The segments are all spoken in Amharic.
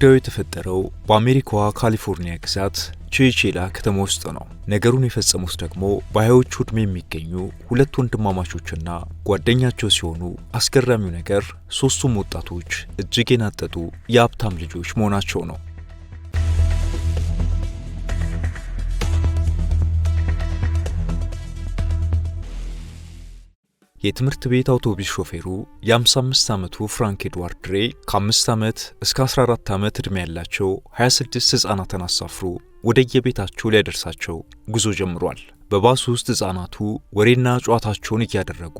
ጉዳዩ የተፈጠረው በአሜሪካዋ ካሊፎርኒያ ግዛት ቼቼላ ከተማ ውስጥ ነው። ነገሩን የፈጸሙት ደግሞ በሀያዎቹ ዕድሜ የሚገኙ ሁለት ወንድማማቾችና ጓደኛቸው ሲሆኑ አስገራሚው ነገር ሦስቱም ወጣቶች እጅግ የናጠጡ የሀብታም ልጆች መሆናቸው ነው። የትምህርት ቤት አውቶቡስ ሾፌሩ የ55 ዓመቱ ፍራንክ ኤድዋርድ ሬ ከ5 ዓመት እስከ 14 ዓመት ዕድሜ ያላቸው 26 ሕፃናትን አሳፍሮ ወደየቤታቸው ሊያደርሳቸው ጉዞ ጀምሯል። በባሱ ውስጥ ሕፃናቱ ወሬና ጨዋታቸውን እያደረጉ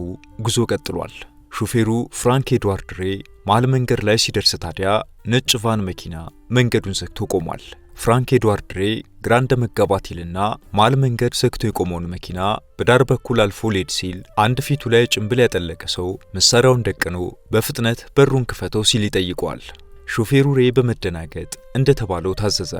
ጉዞ ቀጥሏል። ሾፌሩ ፍራንክ ኤድዋርድ ሬ መሃል መንገድ ላይ ሲደርስ ታዲያ ነጭ ቫን መኪና መንገዱን ዘግቶ ቆሟል። ፍራንክ ኤድዋርድ ሬ ግራንደ መጋባት ይልና ማል መንገድ ዘግቶ የቆመውን መኪና በዳር በኩል አልፎ ሌድ ሲል አንድ ፊቱ ላይ ጭንብል ያጠለቀ ሰው መሳሪያውን ደቅኖ በፍጥነት በሩን ክፈተው ሲል ይጠይቋል። ሾፌሩ ሬ በመደናገጥ እንደተባለው ታዘዘ።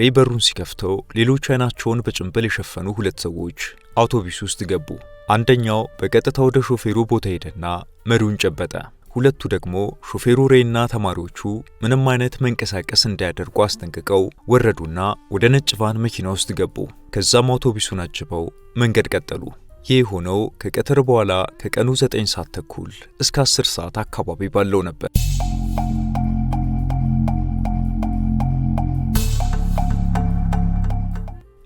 ሬ በሩን ሲከፍተው ሌሎች አይናቸውን በጭንብል የሸፈኑ ሁለት ሰዎች አውቶቡስ ውስጥ ገቡ። አንደኛው በቀጥታ ወደ ሾፌሩ ቦታ ሄደና መሪውን ጨበጠ። ሁለቱ ደግሞ ሾፌሩ ሬና ተማሪዎቹ ምንም አይነት መንቀሳቀስ እንዳያደርጉ አስጠንቅቀው ወረዱና ወደ ነጭ ቫን መኪና ውስጥ ገቡ። ከዛም አውቶቡሱን አጅበው መንገድ ቀጠሉ። ይህ የሆነው ከቀትር በኋላ ከቀኑ 9 ሰዓት ተኩል እስከ 10 ሰዓት አካባቢ ባለው ነበር።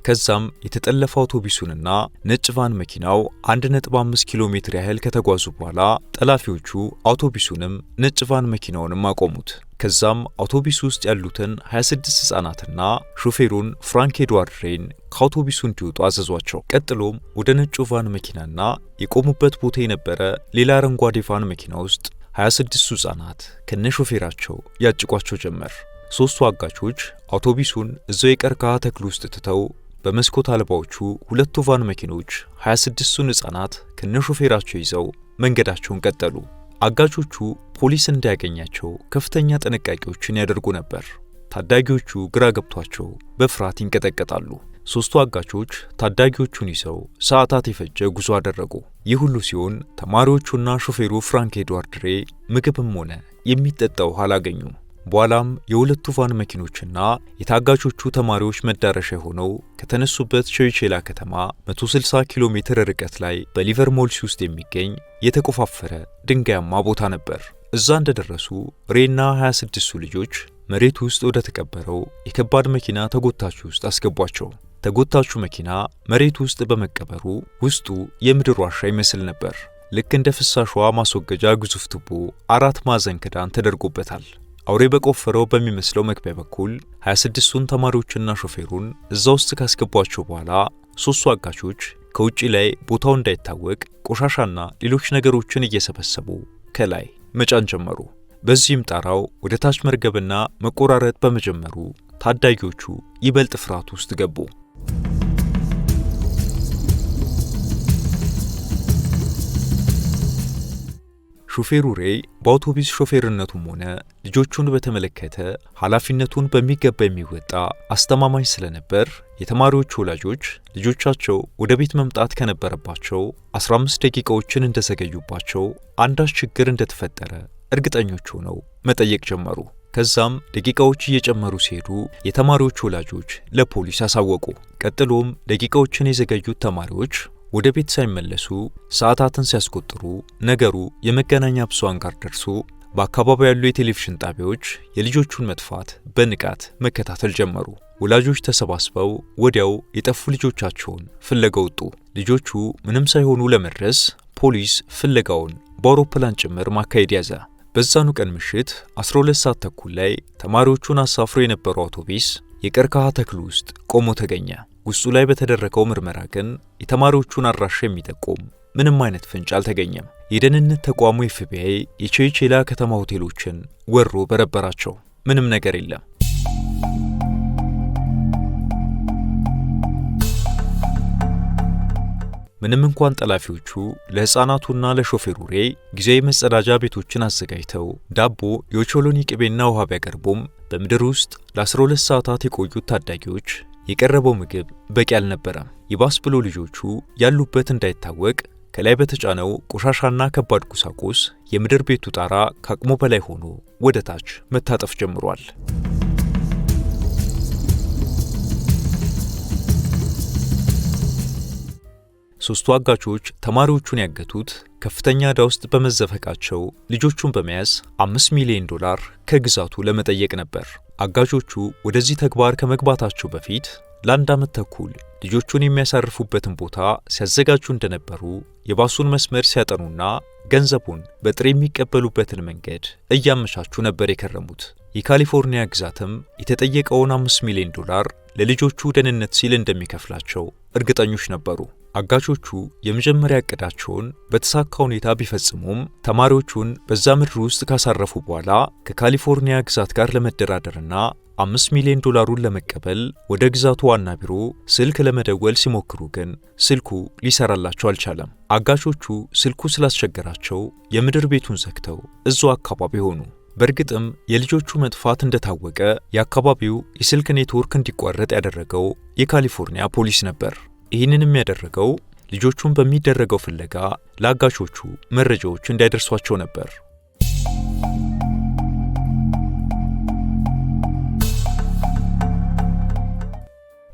ከዛም የተጠለፈ አውቶቡሱንና ነጭ ቫን መኪናው 1.5 ኪሎ ሜትር ያህል ከተጓዙ በኋላ ጠላፊዎቹ አውቶቡሱንም ነጭ ቫን መኪናውንም አቆሙት። ከዛም አውቶቡስ ውስጥ ያሉትን 26 ህጻናትና ሾፌሩን ፍራንክ ኤድዋርድ ሬን ከአውቶቢሱ እንዲወጡ አዘዟቸው። ቀጥሎም ወደ ነጩ ቫን መኪናና የቆሙበት ቦታ የነበረ ሌላ አረንጓዴ ቫን መኪና ውስጥ 26ቱ ህጻናት ሾፌራቸው ያጭቋቸው ጀመር። ሦስቱ አጋቾች አውቶቡሱን እዛው የቀርከሃ ተክል ውስጥ ትተው በመስኮት አልባዎቹ ሁለቱ ቫን መኪኖች 26ቱን ሕፃናት ከነሾፌራቸው ይዘው መንገዳቸውን ቀጠሉ። አጋቾቹ ፖሊስ እንዳያገኛቸው ከፍተኛ ጥንቃቄዎችን ያደርጉ ነበር። ታዳጊዎቹ ግራ ገብቷቸው በፍርሃት ይንቀጠቀጣሉ። ሦስቱ አጋቾች ታዳጊዎቹን ይዘው ሰዓታት የፈጀ ጉዞ አደረጉ። ይህ ሁሉ ሲሆን ተማሪዎቹና ሾፌሩ ፍራንክ ኤድዋርድ ሬ ምግብም ሆነ የሚጠጣ ውሃ አላገኙም። በኋላም የሁለቱ ቫን መኪኖችና የታጋቾቹ ተማሪዎች መዳረሻ የሆነው ከተነሱበት ሸዊቼላ ከተማ 160 ኪሎ ሜትር ርቀት ላይ በሊቨርሞልሲ ውስጥ የሚገኝ የተቆፋፈረ ድንጋያማ ቦታ ነበር። እዛ እንደደረሱ ሬና 26ቱ ልጆች መሬት ውስጥ ወደ ተቀበረው የከባድ መኪና ተጎታች ውስጥ አስገቧቸው። ተጎታቹ መኪና መሬት ውስጥ በመቀበሩ ውስጡ የምድር ዋሻ ይመስል ነበር። ልክ እንደ ፍሳሿ ማስወገጃ ግዙፍ ቱቦ አራት ማዕዘን ክዳን ተደርጎበታል። አውሬ በቆፈረው በሚመስለው መግቢያ በኩል 26ቱን ተማሪዎችና ሾፌሩን እዛ ውስጥ ካስገቧቸው በኋላ ሦስቱ አጋቾች ከውጪ ላይ ቦታው እንዳይታወቅ ቆሻሻና ሌሎች ነገሮችን እየሰበሰቡ ከላይ መጫን ጀመሩ። በዚህም ጣራው ወደ ታች መርገብና መቆራረጥ በመጀመሩ ታዳጊዎቹ ይበልጥ ፍርሃት ውስጥ ገቡ። ሹፌሩ ሬይ በአውቶቡስ ሾፌርነቱም ሆነ ልጆቹን በተመለከተ ኃላፊነቱን በሚገባ የሚወጣ አስተማማኝ ስለነበር የተማሪዎቹ ወላጆች ልጆቻቸው ወደ ቤት መምጣት ከነበረባቸው 15 ደቂቃዎችን እንደዘገዩባቸው አንዳች ችግር እንደተፈጠረ እርግጠኞች ሆነው መጠየቅ ጀመሩ። ከዛም ደቂቃዎች እየጨመሩ ሲሄዱ የተማሪዎቹ ወላጆች ለፖሊስ አሳወቁ። ቀጥሎም ደቂቃዎችን የዘገዩት ተማሪዎች ወደ ቤት ሳይመለሱ ሰዓታትን ሲያስቆጥሩ ነገሩ የመገናኛ ብዙሃን ጋር ደርሶ በአካባቢው ያሉ የቴሌቪዥን ጣቢያዎች የልጆቹን መጥፋት በንቃት መከታተል ጀመሩ። ወላጆች ተሰባስበው ወዲያው የጠፉ ልጆቻቸውን ፍለጋ ወጡ። ልጆቹ ምንም ሳይሆኑ ለመድረስ ፖሊስ ፍለጋውን በአውሮፕላን ጭምር ማካሄድ ያዘ። በዛኑ ቀን ምሽት 12 ሰዓት ተኩል ላይ ተማሪዎቹን አሳፍሮ የነበረው አውቶቡስ የቀርከሃ ተክል ውስጥ ቆሞ ተገኘ። ውስጡ ላይ በተደረገው ምርመራ ግን የተማሪዎቹን አድራሻ የሚጠቁም ምንም አይነት ፍንጭ አልተገኘም። የደህንነት ተቋሙ ኤፍቢአይ የቼቼላ ከተማ ሆቴሎችን ወሮ በረበራቸው፣ ምንም ነገር የለም። ምንም እንኳን ጠላፊዎቹ ለሕፃናቱና ለሾፌሩ ሬ ጊዜያዊ መጸዳጃ ቤቶችን አዘጋጅተው ዳቦ፣ የኦቾሎኒ ቅቤና ውሃ ቢያቀርቡም በምድር ውስጥ ለ12 ሰዓታት የቆዩት ታዳጊዎች የቀረበው ምግብ በቂ አልነበረም። ይባስ ብሎ ልጆቹ ያሉበት እንዳይታወቅ ከላይ በተጫነው ቆሻሻና ከባድ ቁሳቁስ የምድር ቤቱ ጣራ ከአቅሞ በላይ ሆኖ ወደ ታች መታጠፍ ጀምሯል። ሦስቱ አጋቾች ተማሪዎቹን ያገቱት ከፍተኛ ዕዳ ውስጥ በመዘፈቃቸው ልጆቹን በመያዝ አምስት ሚሊዮን ዶላር ከግዛቱ ለመጠየቅ ነበር። አጋዦቹ ወደዚህ ተግባር ከመግባታቸው በፊት ለአንድ ዓመት ተኩል ልጆቹን የሚያሳርፉበትን ቦታ ሲያዘጋጁ እንደነበሩ የባሱን መስመር ሲያጠኑና ገንዘቡን በጥሬ የሚቀበሉበትን መንገድ እያመቻቹ ነበር የከረሙት። የካሊፎርኒያ ግዛትም የተጠየቀውን አምስት ሚሊዮን ዶላር ለልጆቹ ደህንነት ሲል እንደሚከፍላቸው እርግጠኞች ነበሩ። አጋቾቹ የመጀመሪያ እቅዳቸውን በተሳካ ሁኔታ ቢፈጽሙም ተማሪዎቹን በዛ ምድር ውስጥ ካሳረፉ በኋላ ከካሊፎርኒያ ግዛት ጋር ለመደራደርና አምስት ሚሊዮን ዶላሩን ለመቀበል ወደ ግዛቱ ዋና ቢሮ ስልክ ለመደወል ሲሞክሩ ግን ስልኩ ሊሰራላቸው አልቻለም። አጋቾቹ ስልኩ ስላስቸገራቸው የምድር ቤቱን ዘግተው እዛው አካባቢ ሆኑ። በእርግጥም የልጆቹ መጥፋት እንደታወቀ የአካባቢው የስልክ ኔትወርክ እንዲቋረጥ ያደረገው የካሊፎርኒያ ፖሊስ ነበር። ይህንንም ያደረገው ልጆቹን በሚደረገው ፍለጋ ለአጋቾቹ መረጃዎች እንዳይደርሷቸው ነበር።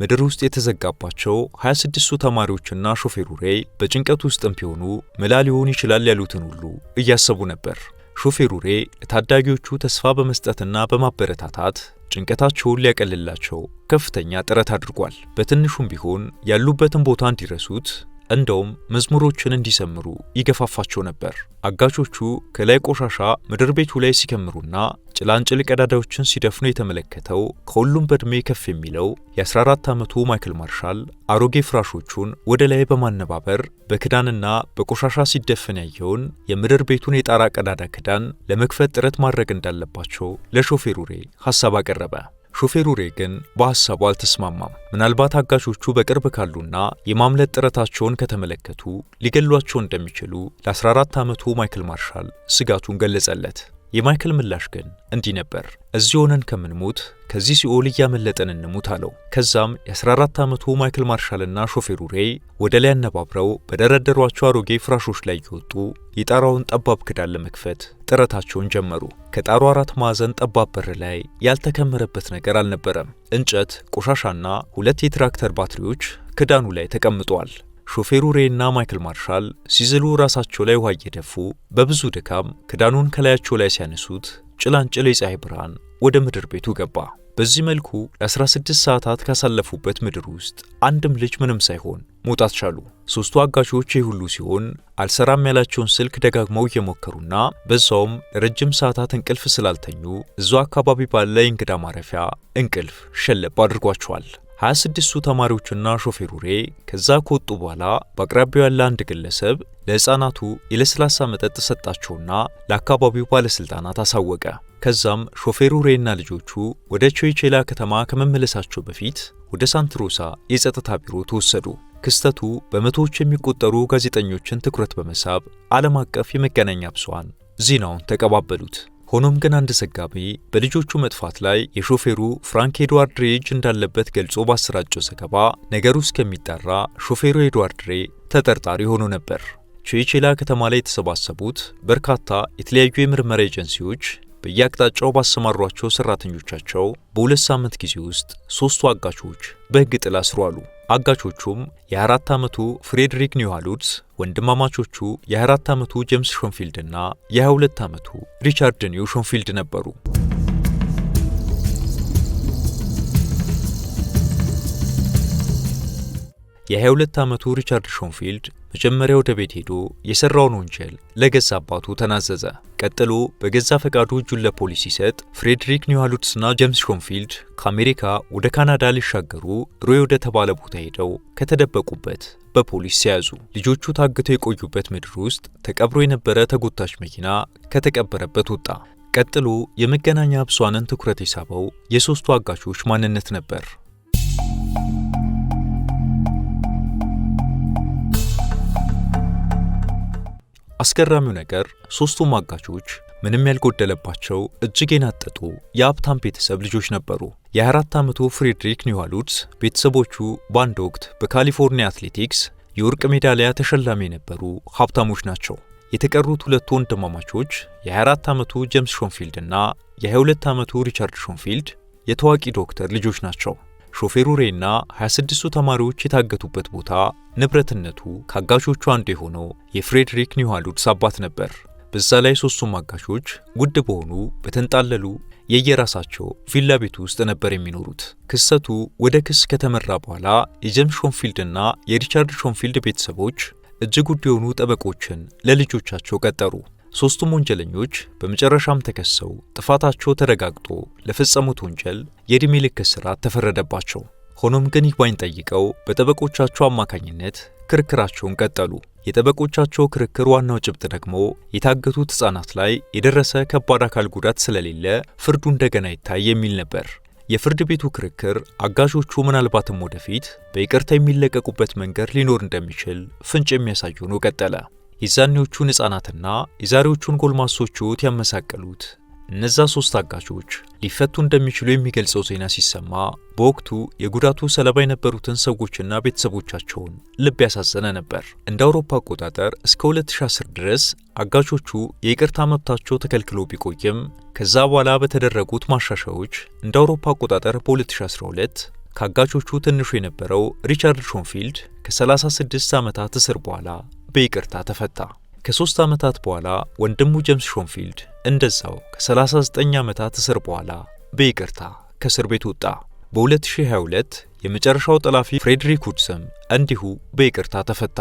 ምድር ውስጥ የተዘጋባቸው 26ቱ ተማሪዎችና ሾፌሩ ሬይ በጭንቀት ውስጥም ቢሆኑ መላ ሊሆን ይችላል ያሉትን ሁሉ እያሰቡ ነበር። ሾፌሩ ሬ ለታዳጊዎቹ ተስፋ በመስጠትና በማበረታታት ጭንቀታቸውን ሊያቀልላቸው ከፍተኛ ጥረት አድርጓል። በትንሹም ቢሆን ያሉበትን ቦታ እንዲረሱት እንደውም መዝሙሮችን እንዲሰምሩ ይገፋፋቸው ነበር። አጋቾቹ ከላይ ቆሻሻ ምድር ቤቱ ላይ ሲከምሩና ጭላንጭል ቀዳዳዎችን ሲደፍኑ የተመለከተው ከሁሉም በዕድሜ ከፍ የሚለው የ14 ዓመቱ ማይክል ማርሻል አሮጌ ፍራሾቹን ወደ ላይ በማነባበር በክዳንና በቆሻሻ ሲደፈን ያየውን የምድር ቤቱን የጣራ ቀዳዳ ክዳን ለመክፈት ጥረት ማድረግ እንዳለባቸው ለሾፌሩ ሬ ሐሳብ አቀረበ። ሾፌሩ ሬ ግን በሐሳቡ አልተስማማም። ምናልባት አጋሾቹ በቅርብ ካሉና የማምለጥ ጥረታቸውን ከተመለከቱ ሊገሏቸው እንደሚችሉ ለ14 ዓመቱ ማይክል ማርሻል ስጋቱን ገለጸለት። የማይክል ምላሽ ግን እንዲህ ነበር። እዚህ ሆነን ከምንሞት ከዚህ ሲኦል እያመለጠን እንሙት አለው። ከዛም የ14 ዓመቱ ማይክል ማርሻልና ሾፌሩ ሬይ ወደ ላይ አነባብረው በደረደሯቸው አሮጌ ፍራሾች ላይ እየወጡ የጣራውን ጠባብ ክዳን ለመክፈት ጥረታቸውን ጀመሩ። ከጣሩ አራት ማዕዘን ጠባብ በር ላይ ያልተከመረበት ነገር አልነበረም። እንጨት፣ ቆሻሻና ሁለት የትራክተር ባትሪዎች ክዳኑ ላይ ተቀምጠዋል። ሾፌሩ ሬና ማይክል ማርሻል ሲዝሉ ራሳቸው ላይ ውሃ እየደፉ በብዙ ድካም ክዳኑን ከላያቸው ላይ ሲያነሱት ጭላንጭል የፀሐይ ብርሃን ወደ ምድር ቤቱ ገባ። በዚህ መልኩ ለ16 ሰዓታት ካሳለፉበት ምድር ውስጥ አንድም ልጅ ምንም ሳይሆን መውጣት ቻሉ። ሦስቱ አጋዦች ይህ ሁሉ ሲሆን አልሰራም ያላቸውን ስልክ ደጋግመው እየሞከሩና በዛውም ለረጅም ሰዓታት እንቅልፍ ስላልተኙ እዛው አካባቢ ባለ የእንግዳ ማረፊያ እንቅልፍ ሸለብ አድርጓቸዋል። 26ቱ ተማሪዎችና ሾፌሩ ሬ ከዛ ከወጡ በኋላ በአቅራቢያው ያለ አንድ ግለሰብ ለሕፃናቱ የለስላሳ መጠጥ ሰጣቸውና ለአካባቢው ባለሥልጣናት አሳወቀ። ከዛም ሾፌሩ ሬና ልጆቹ ወደ ቾይቼላ ከተማ ከመመለሳቸው በፊት ወደ ሳንትሮሳ የጸጥታ ቢሮ ተወሰዱ። ክስተቱ በመቶዎች የሚቆጠሩ ጋዜጠኞችን ትኩረት በመሳብ ዓለም አቀፍ የመገናኛ ብዙሃን ዜናውን ተቀባበሉት። ሆኖም ግን አንድ ዘጋቢ በልጆቹ መጥፋት ላይ የሾፌሩ ፍራንክ ኤድዋርድ ሬ እጅ እንዳለበት ገልጾ ባሰራጨው ዘገባ ነገሩ እስከሚጣራ ሾፌሩ ኤድዋርድ ሬ ተጠርጣሪ ሆኖ ነበር። ቼቼላ ከተማ ላይ የተሰባሰቡት በርካታ የተለያዩ የምርመራ ኤጀንሲዎች በየአቅጣጫው ባሰማሯቸው ሰራተኞቻቸው በሁለት ሳምንት ጊዜ ውስጥ ሶስቱ አጋቾች በሕግ ጥላ ስር ዋሉ። አጋቾቹም የ24 ዓመቱ ፍሬድሪክ ኒውሃሉድስ፣ ወንድማማቾቹ የ24 ዓመቱ ጄምስ ሾንፊልድ እና የ22 ዓመቱ ሪቻርድ ኒው ሾንፊልድ ነበሩ። የ22 ዓመቱ ሪቻርድ ሾንፊልድ መጀመሪያ ወደ ቤት ሄዶ የሰራውን ወንጀል ለገዛ አባቱ ተናዘዘ። ቀጥሎ በገዛ ፈቃዱ እጁን ለፖሊስ ሲሰጥ ፍሬድሪክ ኒውሃሉትስና ጄምስ ሾንፊልድ ከአሜሪካ ወደ ካናዳ ሊሻገሩ ሮይ ወደ ተባለ ቦታ ሄደው ከተደበቁበት በፖሊስ ሲያዙ ልጆቹ ታግተው የቆዩበት ምድር ውስጥ ተቀብሮ የነበረ ተጎታች መኪና ከተቀበረበት ወጣ። ቀጥሎ የመገናኛ ብዙሃንን ትኩረት የሳበው የሦስቱ አጋቾች ማንነት ነበር። አስገራሚው ነገር ሦስቱም አጋቾች ምንም ያልጎደለባቸው እጅግ የናጠጡ የሀብታም ቤተሰብ ልጆች ነበሩ። የ24 ዓመቱ ፍሬድሪክ ኒዋሉድስ ቤተሰቦቹ በአንድ ወቅት በካሊፎርኒያ አትሌቲክስ የወርቅ ሜዳሊያ ተሸላሚ የነበሩ ሀብታሞች ናቸው። የተቀሩት ሁለቱ ወንድማማቾች የ24 ዓመቱ ጄምስ ሾንፊልድ እና የ22 ዓመቱ ሪቻርድ ሾንፊልድ የታዋቂ ዶክተር ልጆች ናቸው። ሾፌሩ ሬና 26ቱ ተማሪዎች የታገቱበት ቦታ ንብረትነቱ ከአጋሾቹ አንዱ የሆነው የፍሬድሪክ ኒውሃሉድስ አባት ነበር። በዛ ላይ ሶስቱም አጋሾች ውድ በሆኑ በተንጣለሉ የየራሳቸው ቪላ ቤት ውስጥ ነበር የሚኖሩት። ክስተቱ ወደ ክስ ከተመራ በኋላ ሾንፊልድ ሾንፊልድና የሪቻርድ ሾንፊልድ ቤተሰቦች እጅግ ውድ የሆኑ ጠበቆችን ለልጆቻቸው ቀጠሩ። ሦስቱም ወንጀለኞች በመጨረሻም ተከሰው ጥፋታቸው ተረጋግጦ ለፈጸሙት ወንጀል የዕድሜ ልክ እስራት ተፈረደባቸው። ሆኖም ግን ይግባኝ ጠይቀው በጠበቆቻቸው አማካኝነት ክርክራቸውን ቀጠሉ። የጠበቆቻቸው ክርክር ዋናው ጭብጥ ደግሞ የታገቱት ሕፃናት ላይ የደረሰ ከባድ አካል ጉዳት ስለሌለ ፍርዱ እንደገና ይታይ የሚል ነበር። የፍርድ ቤቱ ክርክር አጋዦቹ ምናልባትም ወደፊት በይቅርታ የሚለቀቁበት መንገድ ሊኖር እንደሚችል ፍንጭ የሚያሳይ ሆኖ ቀጠለ። የዛኔዎቹን ሕፃናትና የዛሬዎቹን ጎልማሶች ሕይወት ያመሳቀሉት እነዛ ሶስት አጋቾች ሊፈቱ እንደሚችሉ የሚገልጸው ዜና ሲሰማ በወቅቱ የጉዳቱ ሰለባ የነበሩትን ሰዎችና ቤተሰቦቻቸውን ልብ ያሳዘነ ነበር። እንደ አውሮፓ አቆጣጠር እስከ 2010 ድረስ አጋቾቹ የይቅርታ መብታቸው ተከልክሎ ቢቆይም ከዛ በኋላ በተደረጉት ማሻሻዎች እንደ አውሮፓ አቆጣጠር በ2012 ከአጋቾቹ ትንሹ የነበረው ሪቻርድ ሾንፊልድ ከ36 ዓመታት እስር በኋላ በይቅርታ ተፈታ። ከሦስት ዓመታት በኋላ ወንድሙ ጀምስ ሾንፊልድ እንደዛው ከ39 ዓመታት እስር በኋላ በይቅርታ ከእስር ቤት ወጣ። በ2022 የመጨረሻው ጠላፊ ፍሬድሪክ ውድስም እንዲሁ በይቅርታ ተፈታ።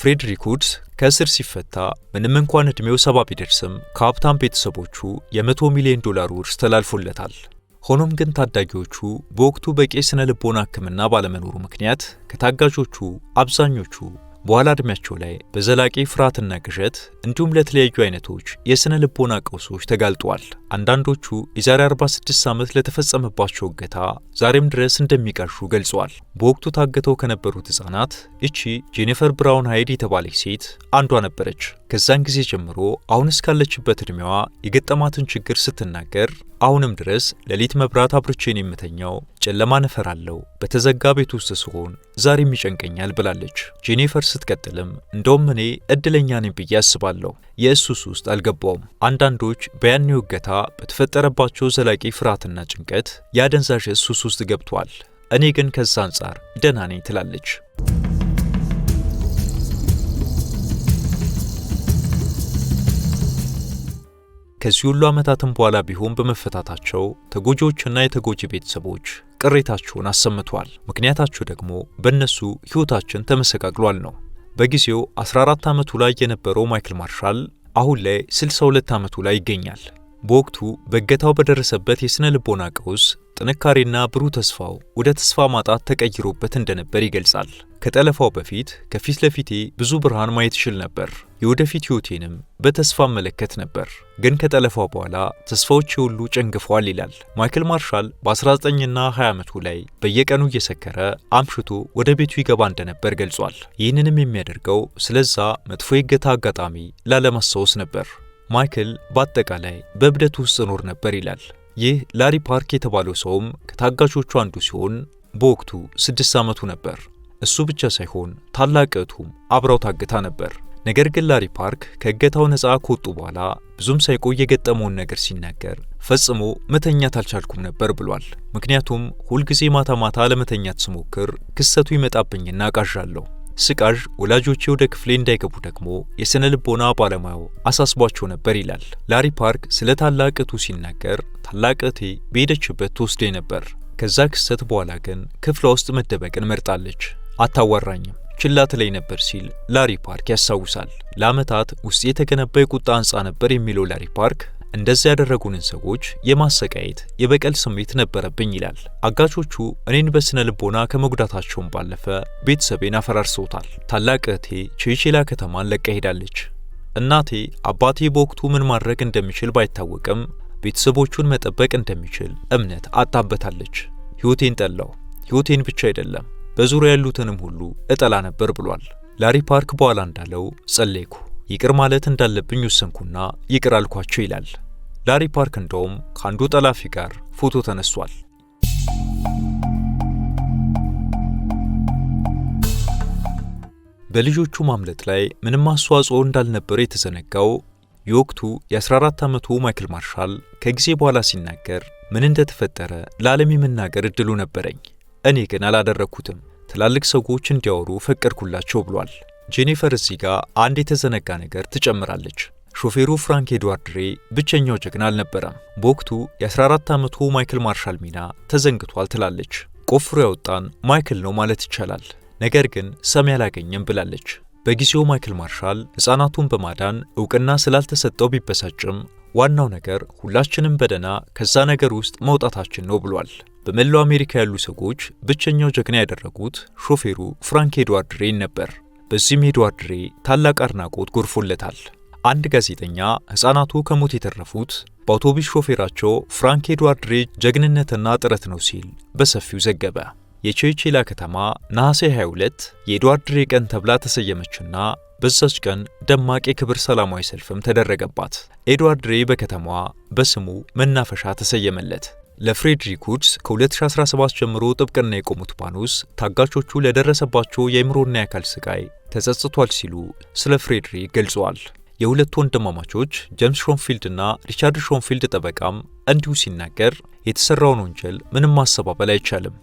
ፍሬድሪክ ውድስ ከእስር ሲፈታ ምንም እንኳን ዕድሜው ሰባ ቢደርስም ከሀብታም ቤተሰቦቹ የ100 ሚሊዮን ዶላር ውርስ ተላልፎለታል። ሆኖም ግን ታዳጊዎቹ በወቅቱ በቂ ስነ ልቦና ሕክምና ባለመኖሩ ምክንያት ከታጋዦቹ አብዛኞቹ በኋላ ዕድሜያቸው ላይ በዘላቂ ፍርሃትና ቅዠት እንዲሁም ለተለያዩ አይነቶች የሥነ ልቦና ቀውሶች ተጋልጠዋል። አንዳንዶቹ የዛሬ 46 ዓመት ለተፈጸመባቸው እገታ ዛሬም ድረስ እንደሚቀርሹ ገልጸዋል። በወቅቱ ታግተው ከነበሩት ሕፃናት እቺ ጄኒፈር ብራውን ሃይድ የተባለች ሴት አንዷ ነበረች። ከዛን ጊዜ ጀምሮ አሁን እስካለችበት ዕድሜዋ የገጠማትን ችግር ስትናገር አሁንም ድረስ ሌሊት መብራት አብርቼን የምተኛው ጨለማን አለው በተዘጋ ቤት ውስጥ ስሆን ዛሬም ይጨንቀኛል ብላለች። ጄኒፈር ስትቀጥልም እንደውም እኔ እድለኛ ነኝ ብዬ አስባለሁ፣ የእሱስ ውስጥ አልገባውም። አንዳንዶች በያኔው እገታ በተፈጠረባቸው ዘላቂ ፍርሃትና ጭንቀት የአደንዛዥ እሱስ ውስጥ ገብቷል። እኔ ግን ከዛ አንጻር ደህና ነኝ ትላለች። ከዚህ ሁሉ ዓመታትም በኋላ ቢሆን በመፈታታቸው ተጎጂዎችና የተጎጂ ቤተሰቦች ቅሬታችሁን አሰምቷል። ምክንያታችሁ ደግሞ በእነሱ ሕይወታችን ተመሰቃቅሏል ነው። በጊዜው 14 ዓመቱ ላይ የነበረው ማይክል ማርሻል አሁን ላይ 62 ዓመቱ ላይ ይገኛል። በወቅቱ በእገታው በደረሰበት የሥነ ልቦና ቀውስ ጥንካሬና ብሩህ ተስፋው ወደ ተስፋ ማጣት ተቀይሮበት እንደነበር ይገልጻል። ከጠለፋው በፊት ከፊት ለፊቴ ብዙ ብርሃን ማየት እችል ነበር፣ የወደፊት ሕይወቴንም በተስፋ መለከት ነበር። ግን ከጠለፋው በኋላ ተስፋዎቼ ሁሉ ጨንግፏል ይላል ማይክል ማርሻል። በ19ና 20 ዓመቱ ላይ በየቀኑ እየሰከረ አምሽቶ ወደ ቤቱ ይገባ እንደነበር ገልጿል። ይህንንም የሚያደርገው ስለዛ መጥፎ የእገታ አጋጣሚ ላለማስታወስ ነበር። ማይክል በአጠቃላይ በእብደት ውስጥ ኖር ነበር ይላል። ይህ ላሪ ፓርክ የተባለው ሰውም ከታጋቾቹ አንዱ ሲሆን በወቅቱ ስድስት ዓመቱ ነበር። እሱ ብቻ ሳይሆን ታላቅ እህቱም አብራው ታግታ ነበር። ነገር ግን ላሪ ፓርክ ከእገታው ነፃ ከወጡ በኋላ ብዙም ሳይቆይ የገጠመውን ነገር ሲናገር ፈጽሞ መተኛት አልቻልኩም ነበር ብሏል። ምክንያቱም ሁልጊዜ ማታ ማታ ለመተኛት ስሞክር ክስተቱ ይመጣብኝና ቃዣለሁ። ስቃዥ ወላጆቼ ወደ ክፍሌ እንዳይገቡ ደግሞ የሥነ ልቦና ባለሙያው አሳስቧቸው ነበር ይላል። ላሪ ፓርክ ስለ ታላቅ እህቱ ሲናገር ታላቅ እህቴ በሄደችበት ትወስደኝ ነበር። ከዛ ክስተት በኋላ ግን ክፍሏ ውስጥ መደበቅን መርጣለች። አታዋራኝም ችላት ላይ ነበር ሲል ላሪ ፓርክ ያስታውሳል። ለዓመታት ውስጥ የተገነባ የቁጣ ህንፃ ነበር የሚለው ላሪ ፓርክ እንደዚህ ያደረጉንን ሰዎች የማሰቃየት የበቀል ስሜት ነበረብኝ ይላል። አጋቾቹ እኔን በስነ ልቦና ከመጉዳታቸውም ባለፈ ቤተሰቤን አፈራርሰውታል። ታላቅ እህቴ ቼቼላ ከተማን ለቀ ሄዳለች። እናቴ አባቴ በወቅቱ ምን ማድረግ እንደሚችል ባይታወቅም ቤተሰቦቹን መጠበቅ እንደሚችል እምነት አጣበታለች። ሕይወቴን ጠላው። ሕይወቴን ብቻ አይደለም በዙሪያ ያሉትንም ሁሉ እጠላ ነበር ብሏል። ላሪ ፓርክ በኋላ እንዳለው ጸለይኩ ይቅር ማለት እንዳለብኝ ወሰንኩና ይቅር አልኳቸው ይላል። ላሪ ፓርክ እንደውም ከአንዱ ጠላፊ ጋር ፎቶ ተነሷል። በልጆቹ ማምለጥ ላይ ምንም አስተዋጽኦ እንዳልነበረ የተዘነጋው የወቅቱ የ14 ዓመቱ ማይክል ማርሻል ከጊዜ በኋላ ሲናገር ምን እንደተፈጠረ ለዓለም የመናገር እድሉ ነበረኝ፣ እኔ ግን አላደረግኩትም። ትላልቅ ሰዎች እንዲያወሩ ፈቀድኩላቸው ብሏል። ጄኒፈር እዚህ ጋር አንድ የተዘነጋ ነገር ትጨምራለች። ሾፌሩ ፍራንክ ኤድዋርድ ሬ ብቸኛው ጀግና አልነበረም። በወቅቱ የ14 ዓመቱ ማይክል ማርሻል ሚና ተዘንግቷል ትላለች። ቆፍሮ ያወጣን ማይክል ነው ማለት ይቻላል፣ ነገር ግን ሰሚ አላገኘም ብላለች። በጊዜው ማይክል ማርሻል ሕፃናቱን በማዳን እውቅና ስላልተሰጠው ቢበሳጭም ዋናው ነገር ሁላችንም በደና ከዛ ነገር ውስጥ መውጣታችን ነው ብሏል። በመላው አሜሪካ ያሉ ሰዎች ብቸኛው ጀግና ያደረጉት ሾፌሩ ፍራንክ ኤድዋርድ ሬን ነበር። በዚህም ሄዶ አድሬ ታላቅ አድናቆት ጎርፎለታል። አንድ ጋዜጠኛ ሕፃናቱ ከሞት የተረፉት በአውቶቡስ ሾፌራቸው ፍራንክ ኤድዋርድ ሬጅ ጀግንነትና ጥረት ነው ሲል በሰፊው ዘገበ። የቼቼላ ከተማ ነሐሴ 22 የኤድዋርድ ሬ ቀን ተብላ ተሰየመችና በዛች ቀን ደማቅ የክብር ሰላማዊ ሰልፍም ተደረገባት። ኤድዋርድ ሬ በከተማዋ በስሙ መናፈሻ ተሰየመለት። ለፍሬድሪክ ውድስ ከ2017 ጀምሮ ጥብቅና የቆሙት ባኖስ ታጋቾቹ ለደረሰባቸው የአእምሮና የአካል ስቃይ ተጸጽቷል ሲሉ ስለ ፍሬድሪክ ገልጸዋል። የሁለቱ ወንድማማቾች ጄምስ ሾንፊልድ ሪቻርድ ሾንፊልድ ጠበቃም እንዲሁ ሲናገር የተሰራውን ወንጀል ምንም ማሰባበል አይቻልም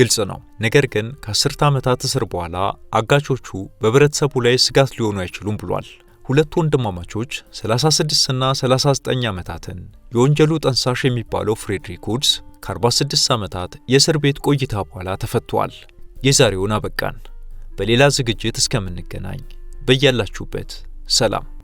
ግልጽ ነው። ነገር ግን ከአስርተ ዓመታት እስር በኋላ አጋቾቹ በህብረተሰቡ ላይ ስጋት ሊሆኑ አይችሉም ብሏል። ሁለት ወንድማማቾች 36 እና 39 ዓመታትን የወንጀሉ ጠንሳሽ የሚባለው ፍሬድሪክ ውድስ ከ46 ዓመታት የእስር ቤት ቆይታ በኋላ ተፈቷል። የዛሬውን አበቃን። በሌላ ዝግጅት እስከምንገናኝ በያላችሁበት ሰላም